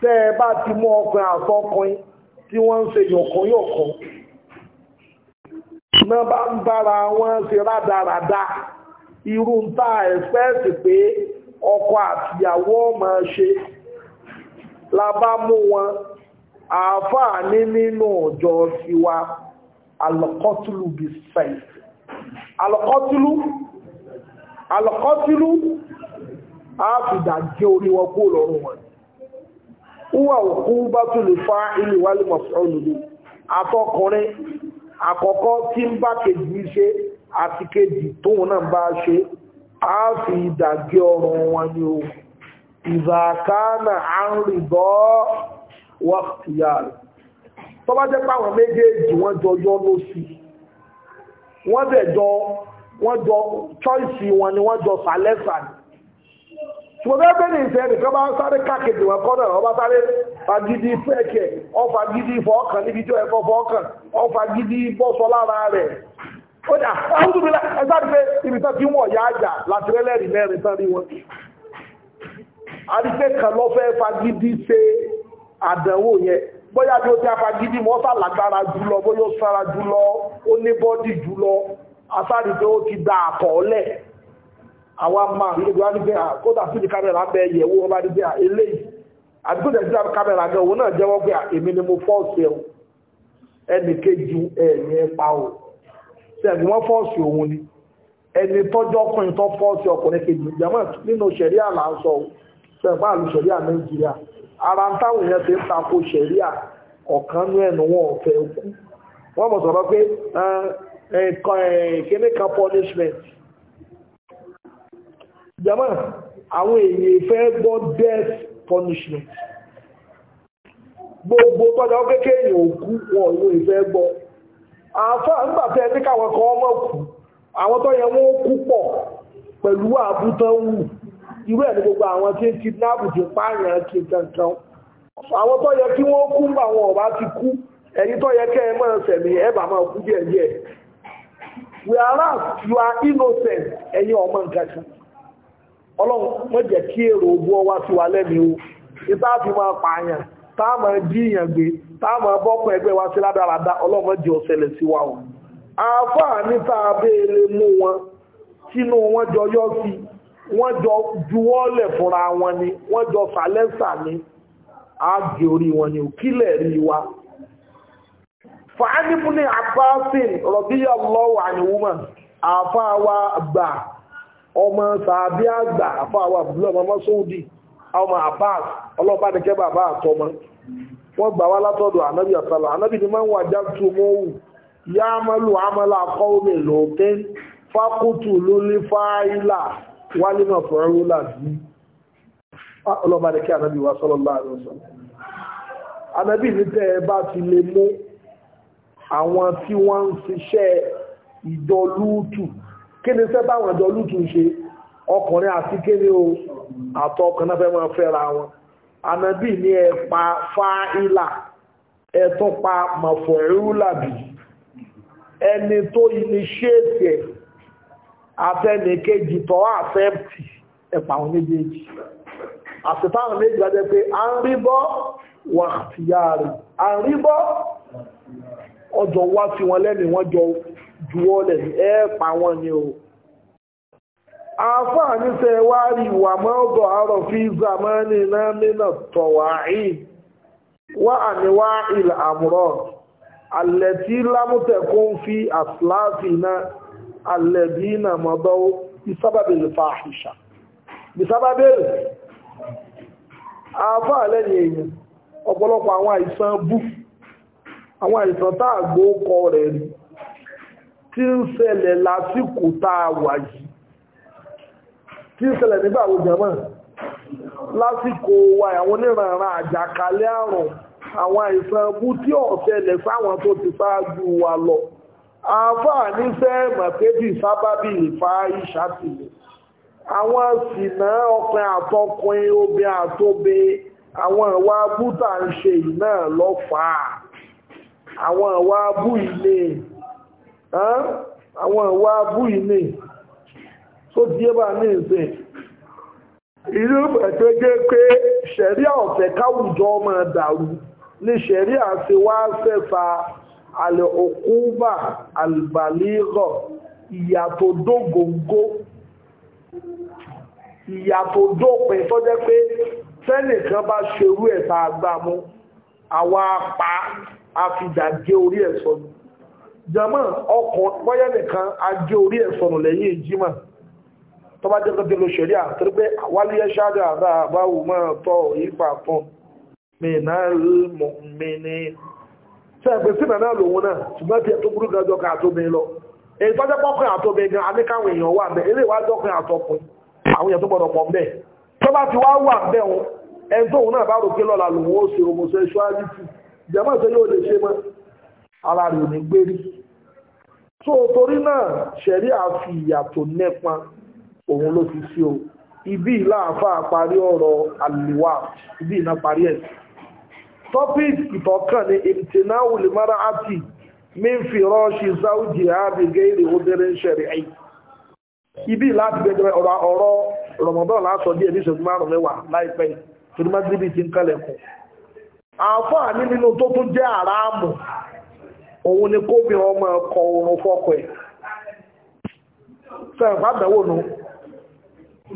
tẹ́ ẹ bá ti mú ọkùnrin àtọkùnrin tí wọ́n ń ṣe yọ̀kọ̀yọ̀kọ̀ náà bá ń bára wọn ṣe rádaràda irú ń ta ẹ̀fẹ́ẹ̀sì pé ọkọ àtìyàwó ọmọ ṣe la bá mú wọn àáfàá ní nínú ọjọ́ tiwa alọ́kọ́tùlù bí sẹ́yìn alọ́kọ́tùlù alọ́kọ́tùlù áàfìdà jẹ́ orí wọn kó lọ́rùn wọn wúwà òkú bá tún lè fa ilé wálé mọ̀sánlùmí àtọkùnrin àkọ́kọ́ tí ń bá kejì ṣe àti kejì tóun náà bá ṣe áàfìdà jẹ́ ọrùn wọn ni o ìzàkánà àrìbọ́ wọ́pìyà rẹ̀ tó wọ́n jọ choice wọn ni wọ́n jọ sàlẹ́sà ṣùgbọ́n bẹ́ẹ̀ ní ìfẹ́ nìkan bá sáré káàkiri wọn kọ́nà ọba sáré fagidi fẹ́ẹ̀kẹ́ ọfagidi fọ́ọ̀kan níbi tí ẹ̀kọ́ fọ́ọ̀kan ọfagidi bọ́sọ lára rẹ̀ ó dà áhùdùmílá ẹgbàdì pé ibi tán tí wọ́n yá àjà láti rẹ́lẹ́rì mẹ́rin tán rí wọn àdìpé kan lọ fẹ́ fagidi ṣe àdánwò yẹn bóyá bí ó ti afagidi mọ́ sàlágbára jùlọ bóyá ó sára jùlọ ó ní bọ́dì jùlọ asárìpé ó ti dà àkọọ́lẹ̀ àwa máa nílùú wá níbẹ̀ kódà sí ti kámẹ́rà bẹ́ yẹ̀wò wọn bá níbẹ̀ eléyìí àdúgbò tẹ̀ sí kámẹ́rà gan òun náà jẹ́wọ́ pé èmi ni mo fọ́ọ̀sì ẹ̀ ẹnì kejì ẹ̀yìn ẹ̀pa o sẹ́ni wọ́n fọ́ọ̀sì òun ni ẹni tọ́jọ́ ọkùnrin tó fọ́ọ̀sì ọkùnrin kejì jẹ́mọ̀ nínú ṣẹ̀ríà là ń sọ o sẹ́pá àlù ṣẹ̀ríà Nàìjíríà ara ń táwọn èèyàn ti ń tako ṣẹ̀ríà ọ̀kan nú ẹnu wọn ọ̀fẹ́ kú wọ́n mọ̀ sọ̀rọ̀ pé kíní kan jama àwọn èèyàn fẹ́ gbọ́ death punishment gbogbo tọ́jà ó kéèké èèyàn òkú wọn ìwé ìfẹ́ gbọ́ àfáà nígbà tẹ́ ní káwọn kan ọmọ kù àwọn tó yẹ wọ́n kú pọ̀ pẹ̀lú àbútán wù irú ẹ̀ ní gbogbo àwọn tí ń kidnap ti pààyàn kí kankan àwọn tó yẹ kí wọ́n kú bá wọn ọba ti kú ẹ̀yin tó yẹ kẹ́ ẹ máa sẹ̀mí ẹ bá máa kú díẹ̀ díẹ̀ whereas you are innocent ẹ̀yin ọmọ nǹkan kan ọlọ́run mọ́jẹ̀ kí èrò ògbó ọwá sí wa lẹ́ni o ìta fi máa pààyàn táà máa jíyàn gbé táà máa bọ́kùn ẹgbẹ́ wa sí ládáradá ọlọ́run mọ́jẹ̀ ọ̀sẹ̀lẹ̀ sí wa o àáfàá níta abéèlé mú wọn tínú wọn jọ yọ sí wọn jọ juwọ́lẹ̀ fúnra wọn ni wọn jọ sàlẹ́sà ni ààgé orí wọn ni òkílẹ̀ rí wa fàánìmù ní àbáṣin rọ̀bíyà lọ́wọ́ àníwúmọ̀ àáfàá wa gbà ọmọ sàbí àgbà àfọ àwọn àbúlọ̀ ọmọ sóòdì ọmọ abbas ọlọ́pàá ní kẹ́ bàbá àtọmọ wọ́n gbà wá látọ̀dọ̀ ànábì àtàlà ànábì ni máa ń wà jáàtú mọ́wù yá amálù amálà akọ́ omi lòókè fákútù lólé fáìlà wálé náà fọ̀rọ̀ rúlà sí ọlọ́pàá ní kẹ́ ànábì wá sallallahu alaihi wasallam ànábì ní tẹ́ ẹ bá ti lè mú àwọn tí wọ́n ń ṣiṣẹ́ ìdọ́lúùtù kí ni fẹ́ báwọn ẹ̀dọ́ lùtù ṣe ọkùnrin àti kéré o àtọkùn náà fẹ́ máa fẹ́ra wọn ànábì ní ẹ pa fáìlà ẹ tún pa mọ̀fọ̀rúlàbì ẹni tó iníṣẹ́ẹ̀tì ẹ̀ afẹ́nìkejì tọ́ àfẹ́ẹ̀tì ẹ̀pà àwọn méjèèjì àtìtáwọn méjì lájẹ́ pé a ń rí bọ́ wà tìyà rẹ̀ a ń rí bọ́ ọjọ́ wá sí wọn lẹ́nu wọ́n jọ juwọ́lẹ̀ ẹ pa wọ́n ni o àáfàá níṣẹ́ wá rí ìwà mọ́ọ̀dọ̀ àárọ̀ fi zamani náà nínà tọ̀wáì wá àníwá ilẹ̀ àmúrọ̀ àlẹ́tí lámútẹ̀kùn fi àsìláàfì náà àlẹ́bí náà mọ́dọ́ ìsábàbẹ̀lẹ̀ fàáhìṣà ìsábàbẹ̀lẹ̀ àáfàá lẹ́yìn èèyàn ọ̀pọ̀lọpọ̀ àwọn àìsàn bú àwọn àìsàn táàgbó kọ rẹ̀ rí tí ń ṣẹlẹ̀ lásìkò tá a wà yìí tí ń ṣẹlẹ̀ nígbà wo jẹ́mọ́ lásìkò wa àwọn oníranran àjàkálẹ̀ àrùn àwọn àìsàn bú tí ọ̀ṣẹlẹ̀ sáwọn tó ti ṣáájú wa lọ àáfàá níṣẹ́ mọ̀tẹ́bí sábàbí ìfà ìṣàtìlẹ̀ àwọn sìnà ọkùnrin àtọkùnrin obìnrin àtòbe àwọn ìwà abú tá ń ṣe yìí lọ́fàá àwọn ìwà abú ilé àwọn ìwà abú ilé tó díẹ̀ bá ní ìsìn ìlú ẹ̀tọ́ jẹ́ pé ṣẹ̀ríà ọ̀fẹ́ káwùjọ máa dàrú ní ṣẹ̀ríà ti wá fẹ́fà alẹ́ òkúbà àlìbàlígọ̀ ìyàtò dógógó ìyàtò dópin tó jẹ́ pé fẹ́nìkan bá ṣerú ẹ̀ta àgbàmú àwa apá afìjà gé orí ẹ̀ sọnù jama ọkọ̀ bọ́yẹ́ nìkan ajé orí ẹ̀ sọnù lẹ́yìn ìjímà tó bá jẹ́ kọ́tẹ́ ló ṣẹ̀rí àtúrú pé wálé ṣáájú àbá àbáwò máa tọ́ ìfà fún mìírànlmù mìíní sẹ́ẹ̀pẹ̀ sínà náà lòun náà ṣùgbọ́n tí ẹ tó burú gan jọkàn àtọ́bìn lọ èyí tó jẹ́ pọ́kàn àtọ́bìn gan aníkàwọn èèyàn wà bẹ́ẹ̀ eré ìwà jọkàn àtọ́kùn àwọn èèyàn tó gbọ́dọ̀ pọ̀ bẹ́ẹ̀ tó bá ti wá wà bẹ́ẹ̀ wọn ẹni tóun náà bá rò pé lọ́la lòun ó ṣe homosexuality jẹ́mọ́ ìṣẹ́ yóò lè ṣe mọ́ ara rẹ̀ ò ní gbérí tó torí náà ṣẹ̀rí àfi ìyàtọ̀ nẹ́pọn òun ló fi sí o ibi ìlàáfà parí ọ̀rọ̀ àlèwà ibi ìná parí ẹ̀ topic ìtọ́kàn ni ìtìná wùlìmára àti mímfi rọ́ọ̀ṣì záújì àbígẹ́ èrè obìnrin ṣẹ̀rí ẹ̀yìn ibi láti gbẹgbẹ ọ̀rọ̀ ọ̀rọ̀ rọmọdọ́ lásọ díẹ̀ ní ṣẹ́jú márùn mẹ́wàá láìpẹ́ tìrìmọ́tìrìbì ti ń kálẹ̀kùn àfáà ní nínú tó tún jẹ́ àràmù òun ni kóbi wọn máa kọ oorun fọ́kọ ẹ̀ sẹ́yìn bá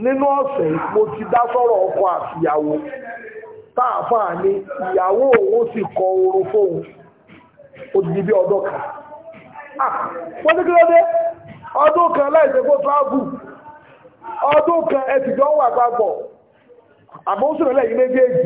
nínú ọ̀sẹ̀ mo ti dá sọ̀rọ̀ ọkọ àtìyàwó táàfáà ni ìyàwó òun sì kọ fóun bí kan ah, wọ́n ní kí ọdún kan láìsẹ̀ kó travel ọdún kan wà papọ̀ sùn lẹ́yìn méjèèjì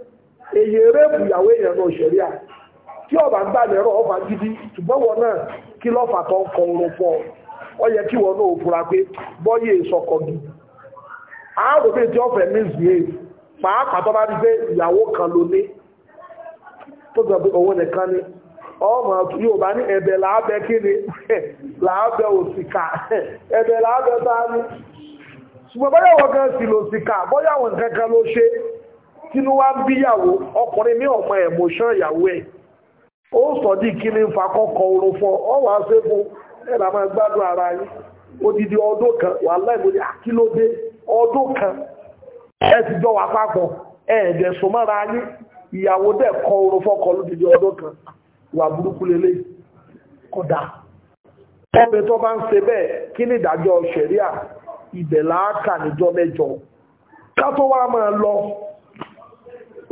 èyí rẹ́pù ìyàwó èèyàn náà ṣẹ̀rí à tí ọba ń gbà lẹ́rọ ọba gidi ṣùgbọ́n wọn náà kí lọ́fà tó ń kọ fọ ọ yẹ kí wọn náà fura pé bọ́yé ìsọkọ gi àárò bíi tí ọ̀fẹ́ ní zùé pàápàá tó bá rí pé ìyàwó kan ló ní tó ni ọmọ ní kí ni òsìkà ṣùgbọ́n bọ́yá wọn kan sì bọ́yá wọn kankan tinu wá bíyàwó ọkùnrin ní ọmọ ẹ̀mọ́ṣán ìyàwó ẹ̀ ó sọ̀dí kí ní fa kọ́kọ́ oró fún ọ ṣe fún ara yín odidi ọdún kan wà ala àkílódé ọdún kan ẹ ti jọ wà papọ̀ ẹ ẹ̀dẹ̀ sùn mọ́ra yín ìyàwó dẹ̀ kọ́ oró kan wà burúkú lélẹ̀ kódà ọbẹ̀ tó bá ń ṣe bẹ́ẹ̀ ìdájọ́ ṣẹ̀ríà níjọ́ mẹ́jọ ká tó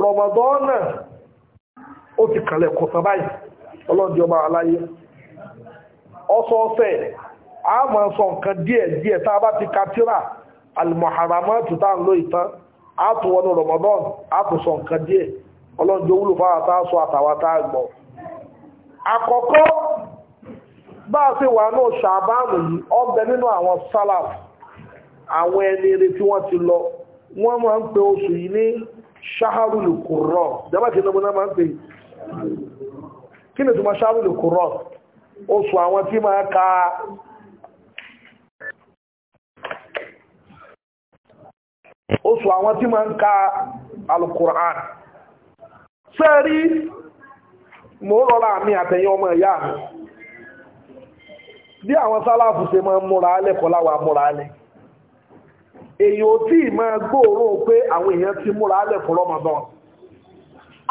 rọmọdọ́nà ó ti kàlẹ̀ kọ̀tà báyìí ọlọ́dí ọba aláyé ọsọọsẹ̀ a máa sọ nǹkan díẹ̀ díẹ̀ tá a bá ti ka tírà almuharamatu tá ń lo ìtàn a tó wọnú rọmọdọ́n a tó sọ nǹkan díẹ̀ ọlọ́dí owúlò fáwọn a sọ àtàwọn tá a gbọ́ àkọ́kọ́ bá a ṣe wà náà ṣàbáàmù yìí ọbẹ̀ nínú àwọn sálàf àwọn ẹni eré tí wọ́n ti lọ máa ń pe oṣù yìí ní ṣáhárùlù kùrọ̀ dábàkì lọ́mọ náà máa ń pè kí ni túnmọ̀ kùrọ̀ oṣù àwọn tí máa ka oṣù àwọn tí máa ń ka alukur'an sẹ́rí mi àtẹ̀yìn ọmọ ìyá bí àwọn sálàfù ṣe máa ń múra èyàn tí ì máa gbóòórùn pé àwọn èèyàn ti múra alẹ́ fún Ramadan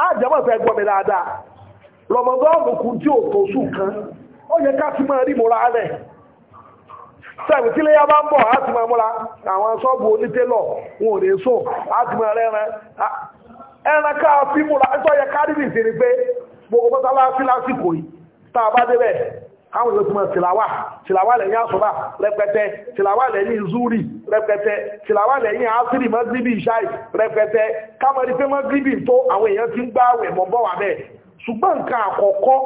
àjẹmọ̀ fẹ́ gbọ́ dáadáa tí ò tó sùn kan ó yẹ ká ti máa rí múra alẹ́ sẹ́ẹ̀kì tí léyà bá ń bọ̀ láti máa múra àwọn ṣọ́ọ̀bù onítélọ̀ wọn ò lè sùn ti máa rẹ́ran ẹran ká fi múra ẹ̀tọ́ yẹ ká rí ni pé gbogbo mọ́tálá lásìkò yìí tá a bá káwọn yóò túnmọ̀ tìlàwà tìlàwà lẹ́yìn àsọ́bà rẹpẹtẹ tìlàwà lẹ́yìn zuri rẹpẹtẹ tìlàwà lẹ́yìn asiri mọ́gíríbì ìṣáì rẹpẹtẹ káwọn rí pé mọ́gíríbì tó àwọn èèyàn ti ń gbá àwẹ̀ mọ́ bọ́ wà bẹ́ẹ̀ ṣùgbọ́n nǹkan àkọ́kọ́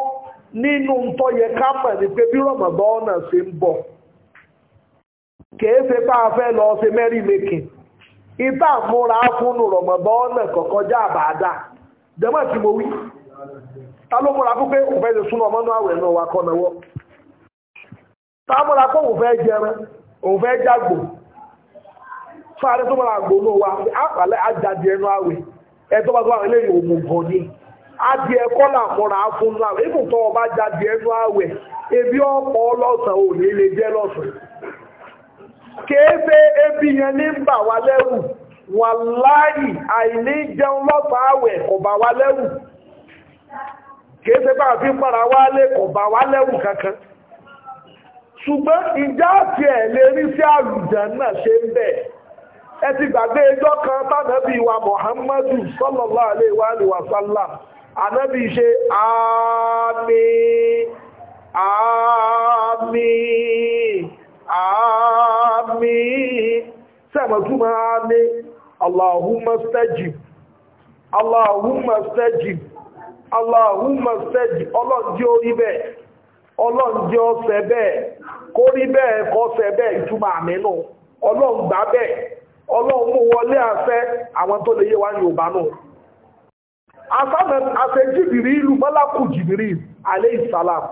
nínú tó yẹ ká mọ̀ ni pé bí rọ̀mọ̀dọ́nà ṣe ń bọ̀ kìí bá a fẹ́ lọ ṣe mẹ́rí mẹ́kìn ìta àmúra fún rọ̀mọ̀dọ́nà kọ̀kọ́jà àbàdà jẹ́mọ̀ tí mo wí ta ló múra fún pé kò fẹ́ ṣe súnà ọmọnú àwẹ̀ náà wà kọ́ ta múra kó òun fẹ́ jẹran òun fẹ́ jágbò fún adé tó múra àgbò náà wà àpàlẹ́ ẹnu àwẹ̀ bá tó àwọn eléyìí òun ni adìẹ kọ́là fún ọba jáde ẹnu àwẹ̀ ebi ò ní lè jẹ́ lọ́sàn kéèfé ebi yẹn ní bà wá lẹ́rù wàláyì àìní kìí ṣe bá àfi pàrà wá lé kò bá wá lẹ́wù kankan ṣùgbọ́n ìjà àti ẹ̀ lè rí sí àlùjá náà ṣe ń bẹ̀ ẹ ti gbàgbé ẹjọ́ kan tánàbí wa Muhammadu sallallahu alaihi wa alihi wa ṣe àmín àmín àmín sẹ́mọ̀túmọ̀ àmín Allahumma Allahumma sẹ́jì ọlọ́njẹ́ orí bẹ́ẹ̀ ọlọ́njẹ́ ọsẹ̀ bẹ́ẹ̀ kó rí bẹ́ẹ̀ kọsẹ̀ bẹ́ẹ̀ ìtumọ̀ àmínú ọlọ́ngbà bẹ́ẹ̀ ọlọ́mú wọlé àṣẹ àwọn tó lè yé wá Yorùbá nù. àṣẹ jìbìrì ìlú mọ́lákù jìbìrì alẹ́ ìsàlám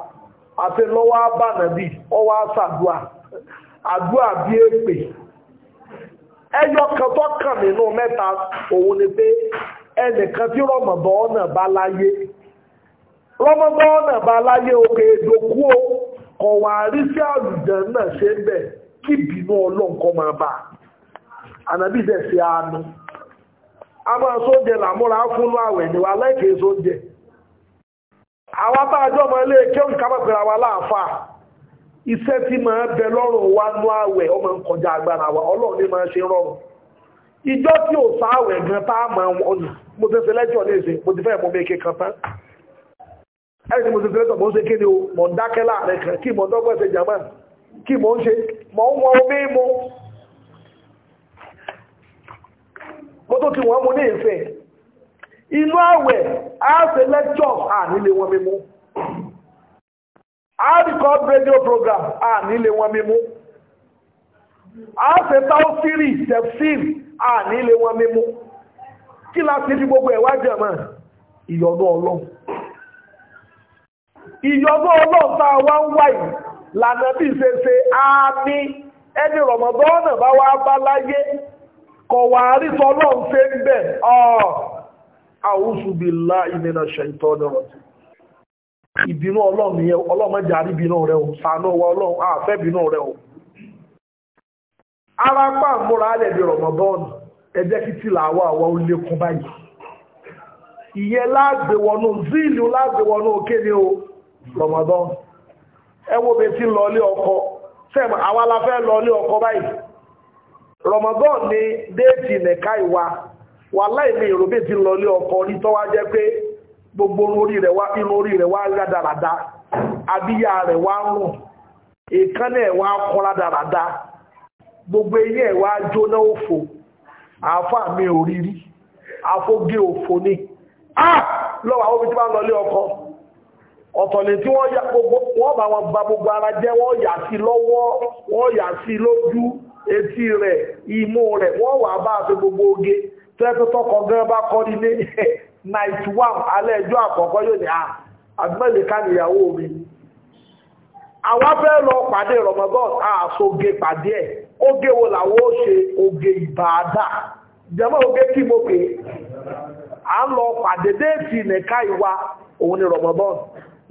àti lọ́wọ́ abánàbí ọwọ́ àṣàdùà àdúà bí èpè rọmọgọ́nà bá láyé òkè ìdòkú o kọ̀ wà rí sí àlùjẹ́ náà ṣe ń bẹ̀ kí ìbínú ọlọ́run kọ́ máa bá ànábì dẹ̀ sí àánú a máa sóúnjẹ làmúra fúnnú àwẹ̀ ni wà láìkèé sóúnjẹ àwọn bá àjọ ọmọ ilé kéwì ká máa pèrà wa láàfáà iṣẹ́ tí máa bẹ lọ́rùn wa nú àwẹ̀ ọmọ nkọjá agbára wa ọlọ́run ní máa ṣe rọrùn ìjọ tí ò sáwẹ̀ gan tá a máa wọ̀nyí mo ti ṣe lẹ́jọ́ ní ìsìn mo ti fẹ́ mú mi kékan tán ẹni ni mo ti fi lẹ́tọ̀ mo ṣe kí ni o mọ̀ ń dákẹ́ láàrin kan kí mo dọ́gbọ́n ṣe jàmá kí mo ń ṣe mọ̀ ń wọn omi mu mo tó ti wọ́n mu ní ìfẹ́ inú àwẹ̀ á ṣe à nílé wọn mímú á radio program à nílé wọn mímú á ṣe táwọn fírì tẹ̀fíìrì à nílé wọn mímú kí láti fi gbogbo ẹ̀ wá jẹ̀ ọlọ́run ìyọ́nú ọlọ́run tá ń wá lànà bí ṣe ṣe ẹni rọ̀mọ̀dọ́nà bá wá bá láyé kọ̀ wá rí tọ́lọ́run ṣe ń bẹ̀ àwùsù bìlá ìnira ṣẹ̀tọ́ ni ti. ìbínú ọlọ́run yẹn ọlọ́mọdé o sànú wa ọlọ́run o. ara pa àmúra alẹ́ di rọ̀mọ̀dọ́nà ẹjẹ́ làwọ̀ ó báyìí. ìyẹn láàgbéwọnú Ramadan ẹ ti bẹ ọkọ sẹ́mi àwa la fẹ́ ọkọ báyìí Ramadan ni déètì nìka ìwà wà láì èrò ọkọ nítọ́wá je pé gbogbo orí rẹ wá inú orí rẹ̀ wá rí dáradá abíyá rẹ̀ wá gbogbo eyín wá jóná òfò àáfàá mi ò rí rí òfò ni ah! lọ́wọ́ àwọn ọkọ ọ̀tọ̀lẹ̀ tí wọ́n ya gbogbo wọn gbogbo ara jẹ́ wọ́n yà sí lọ́wọ́ wọ́n yà sí lójú etí rẹ̀ imú rẹ̀ wọ́n wà bá àti gbogbo oge tẹ́tọ́tọ́ kan bá kọ́ ní night one alẹ́ ẹjọ́ àkọ́kọ́ yóò ní ah, à ká mi. Ramadan pàdé ẹ̀ oge wo oge ìbàdà jẹ́mọ́ oge kí mo pè à ń lọ ni Ramadan.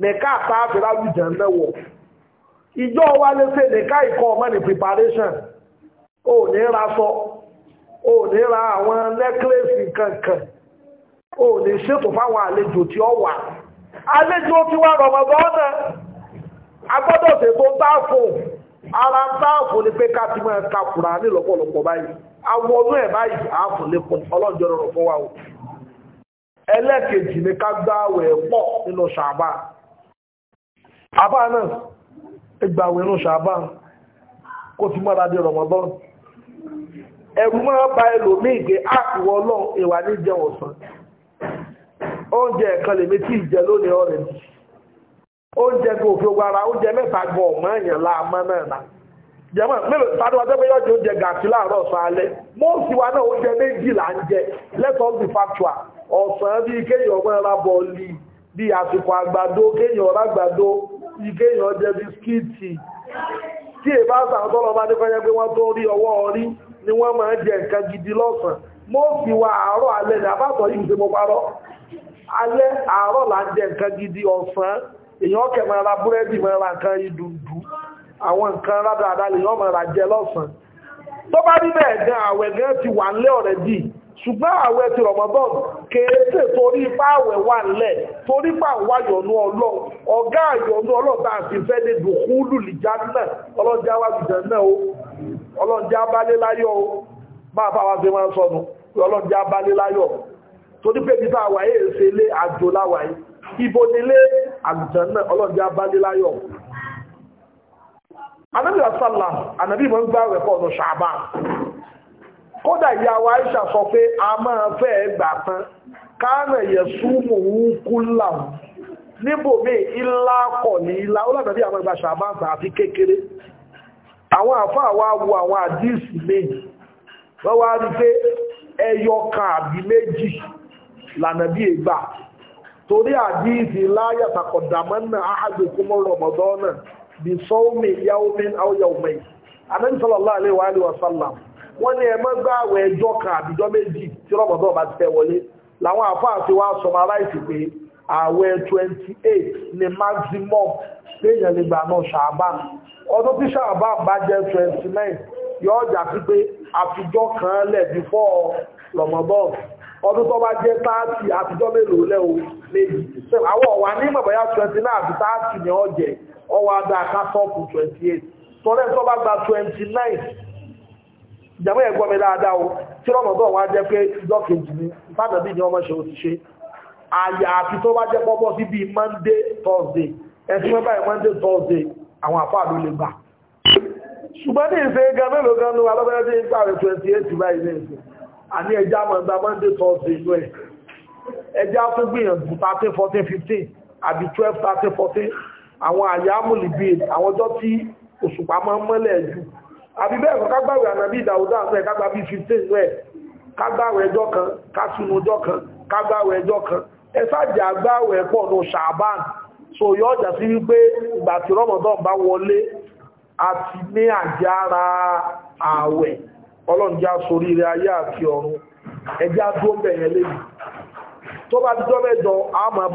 nìka àtàbẹ̀rẹ̀ àwùjọ mẹ́wọ̀ ìjọ wa lè ṣe nìka ìkọ́ ọmọ ní preparation ò ní ra sọ ò ní ra àwọn necklace kankan ò ní ṣètò fáwọn àlejò tí ó wà àlejò tí wà rọmọdún ọ̀nà agbọ́dọ̀ ṣètò táàfù ara táàfù ni pé ká ti máa ka Kùránì lọ́pọ̀lọpọ̀ báyìí àwọn ọdún ẹ̀ báyìí àáfù lẹ́kùn ọlọ́jọ́ rọrùn fún wa o ẹlẹ́ẹ̀kejì ni ká gbáwẹ̀ pọ̀ nínú ṣàbá àbá náà ẹgbà wẹ̀rún ṣàbá kó ti mọ́ra di rọmọdán ẹ̀rù máa ba ẹlòmíì pé àkùwọ́ náà ìwà ní jẹun ọ̀sán oúnjẹ ẹ̀kan lèmi tí ìjẹ lónìí ọ̀rẹ́ mi oúnjẹ kò fi owó ara oúnjẹ mẹ́ta gan ọ̀mọ èèyàn láàmọ́ náà náà jẹ́mọ̀ mélòó tàbí wọ́n tẹ́gbẹ́ yọ́jọ́ oúnjẹ gàtí láàárọ̀ wa us bíi kéèyàn ọmọ bíi àsìkò àgbàdo ní kéèyàn jẹ bisikíìtì tí èbá sàtọ́lọ bá nípa yẹn pé wọ́n tó rí ọwọ́ orí ni wọ́n máa jẹ nǹkan gidi lọ́sàn mo fi wa àárọ̀ alẹ́ ní abátọ̀ yìí ṣe mo parọ́ alẹ́ àárọ̀ là ń jẹ nǹkan gidi ọ̀sán èèyàn kẹ̀ máa ra búrẹ́dì máa ra nǹkan ìdùndù àwọn nǹkan rádáadáa lèèyàn máa ra jẹ lọ́sàn tó bá rí bẹ́ẹ̀ gan àwẹ̀ gan ti wà ńlẹ̀ ọ̀rẹ́dì ṣùgbọ́n àwẹ̀ ti Ramadan kéèké torí ipá àwẹ̀ wà nílẹ̀ torí pà ń wáyọ̀ ọ̀nù ọlọ́run ọ̀gá àyọ̀ ọ̀nù ọlọ́run tá à ń fi fẹ́ ní dùkúlù lìjà náà ọlọ́jà wà lùjẹ̀ náà o ọlọ́jà abálé láyọ̀ o máa bá wa fi máa sọnù pé ọlọ́jà abálé láyọ̀ torí pé bíbá àwàyè ṣe lé àjò láwàyè ibo nílé àlùjẹ̀ náà ọlọ́jà abálé láyọ̀ anábìyà sálà ànábìyà mọ́ ń gbá rẹ̀ kódà ìyá wa Aisha sọ pé a máa fẹ́ gbà tán káànà yẹ súnmù ń kú láwù níbòmí ilá kọ̀ ní ilá ó látàbí àwọn ìgbà ṣàbáǹsà àti kékeré àwọn àfáà wá wo àwọn àdíìsì méjì wọ́n wá rí pé ẹyọ kan àbí méjì lànà bí ìgbà torí àdíìsì láyàtàkọ̀ dàmọ́nà áhàgbèkúmọ́ rọmọdọ́nà bí sọ́ọ́mì yáwómi áwòyàwómi anábìsọ́lọ́lá àlẹ́wàá àlẹ́wàá sálàmù wọ́n ní ẹ̀mọ́ gbá àwẹ̀ ẹjọ́ kan àbíjọ́ méjì tí rọ́bọ̀dọ́ bá ti fẹ́ wọlé làwọn àfáà ti wá summarize pé àwẹ̀ 28 ni maximum téèyàn lè gbà náà ṣàbán ọdún tí ṣàbán bá jẹ́ 29 yóò jà sí pé àfijọ́ kan lẹ̀ before rọ́bọ̀dọ́ ọdún tó bá jẹ́ 30 àfijọ́ mélòó lẹ́ o méjì àwọn ọ̀wà ní mọ̀bọ̀yá 29 àti 30 ni ọ̀jẹ̀ ọwọ́ adá ká tọ́pù 28 tọ́lẹ̀ tó bá gba 29 ìjàmọ́ ẹ̀gbọ́n mi dáadáa o tí rọmọdún wa jẹ́ pé ìjọ́ kejì ni fánàbí ni ọmọ ṣe ò ti ṣe àyàfi tó bá jẹ́ pọ́pọ́ sí bíi monday thursday ẹ̀sìn mẹ́bà ẹ̀ monday thursday àwọn àfáà ló lè gbà ṣùgbọ́n ní ìṣe gan mélòó gan ló wà lọ́bẹ̀rẹ̀ sí ìgbà rẹ̀ ní ìṣe thursday inú ẹ̀ ẹja tún gbìyànjú thirteen fourteen fifteen àbí twelve thirteen fourteen àwọn àyàmùlì bíi àwọn ọjọ́ tí òṣùpá máa ń mọ́lẹ̀ jù àbí bẹ́ẹ̀ kọ́ kágbàwé ànàbí ìdàwùdá àfẹ́ kágbà bí 15 wẹ̀ kágbàwé ẹjọ́ kan kásùnú ọjọ́ kan kágbàwé ẹjọ́ kan ẹ sáàjà àgbàwé pọ̀ ní ṣàbán so yọ ọjà sí wípé ìgbà tí rọmọdán bá wọlé àti ní àjẹ́ ara ààwẹ̀ ọlọ́njá sórí ilé ayé àti ọ̀run ẹjá dúró bẹ̀yẹn lébi tó bá ti jọ́ mẹ́jọ a máa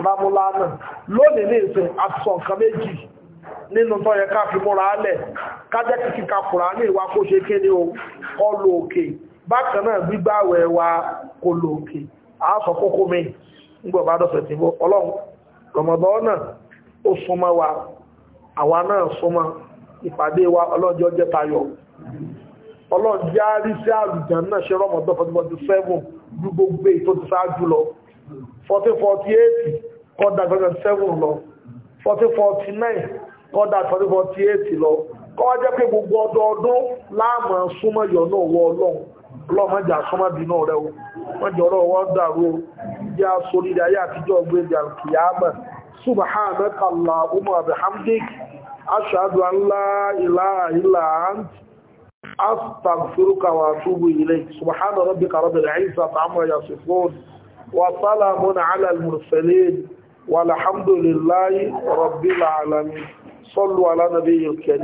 ramúlá náà lónìí ní ìsìn aṣọ nǹkan méjì nínú tó yẹ ká fi múra alẹ̀ kájẹ́ kìkì ka Kùránì wa kó ṣe kéde o kọ́ lo òkè bákan náà gbígbàwẹ̀ wa kò lo òkè àásọ kókó mi nígbà bá tí ọlọ́run rọmọdọ́ wa àwa náà súnmọ́ wa ọlọ́jọ́ jẹ́ tayọ̀ ọlọ́run járí sí àlùjá náà ṣe rọmọdọ́ 47 ju gbogbo èyí tó ti ṣáájú lọ 1448 kọ́dà 2007 lọ 1449 lọ kọ́ jẹ́ pé gbogbo ọdọọdún láàmà súnmọ́ yọ̀ náà wọ ọlọ́run ọlọ́mọjà súnmọ́ náà rẹ̀ wọ́n jẹ́ ọ̀rọ̀ wọ́n dàrú jẹ́ sóríire ayé àtijọ́ gbéjà kìyàmà subhanaka allahumma bihamdik ashhadu وسلام على المرسلين والحمد لله رب العالمين صلوا على نبي الكريم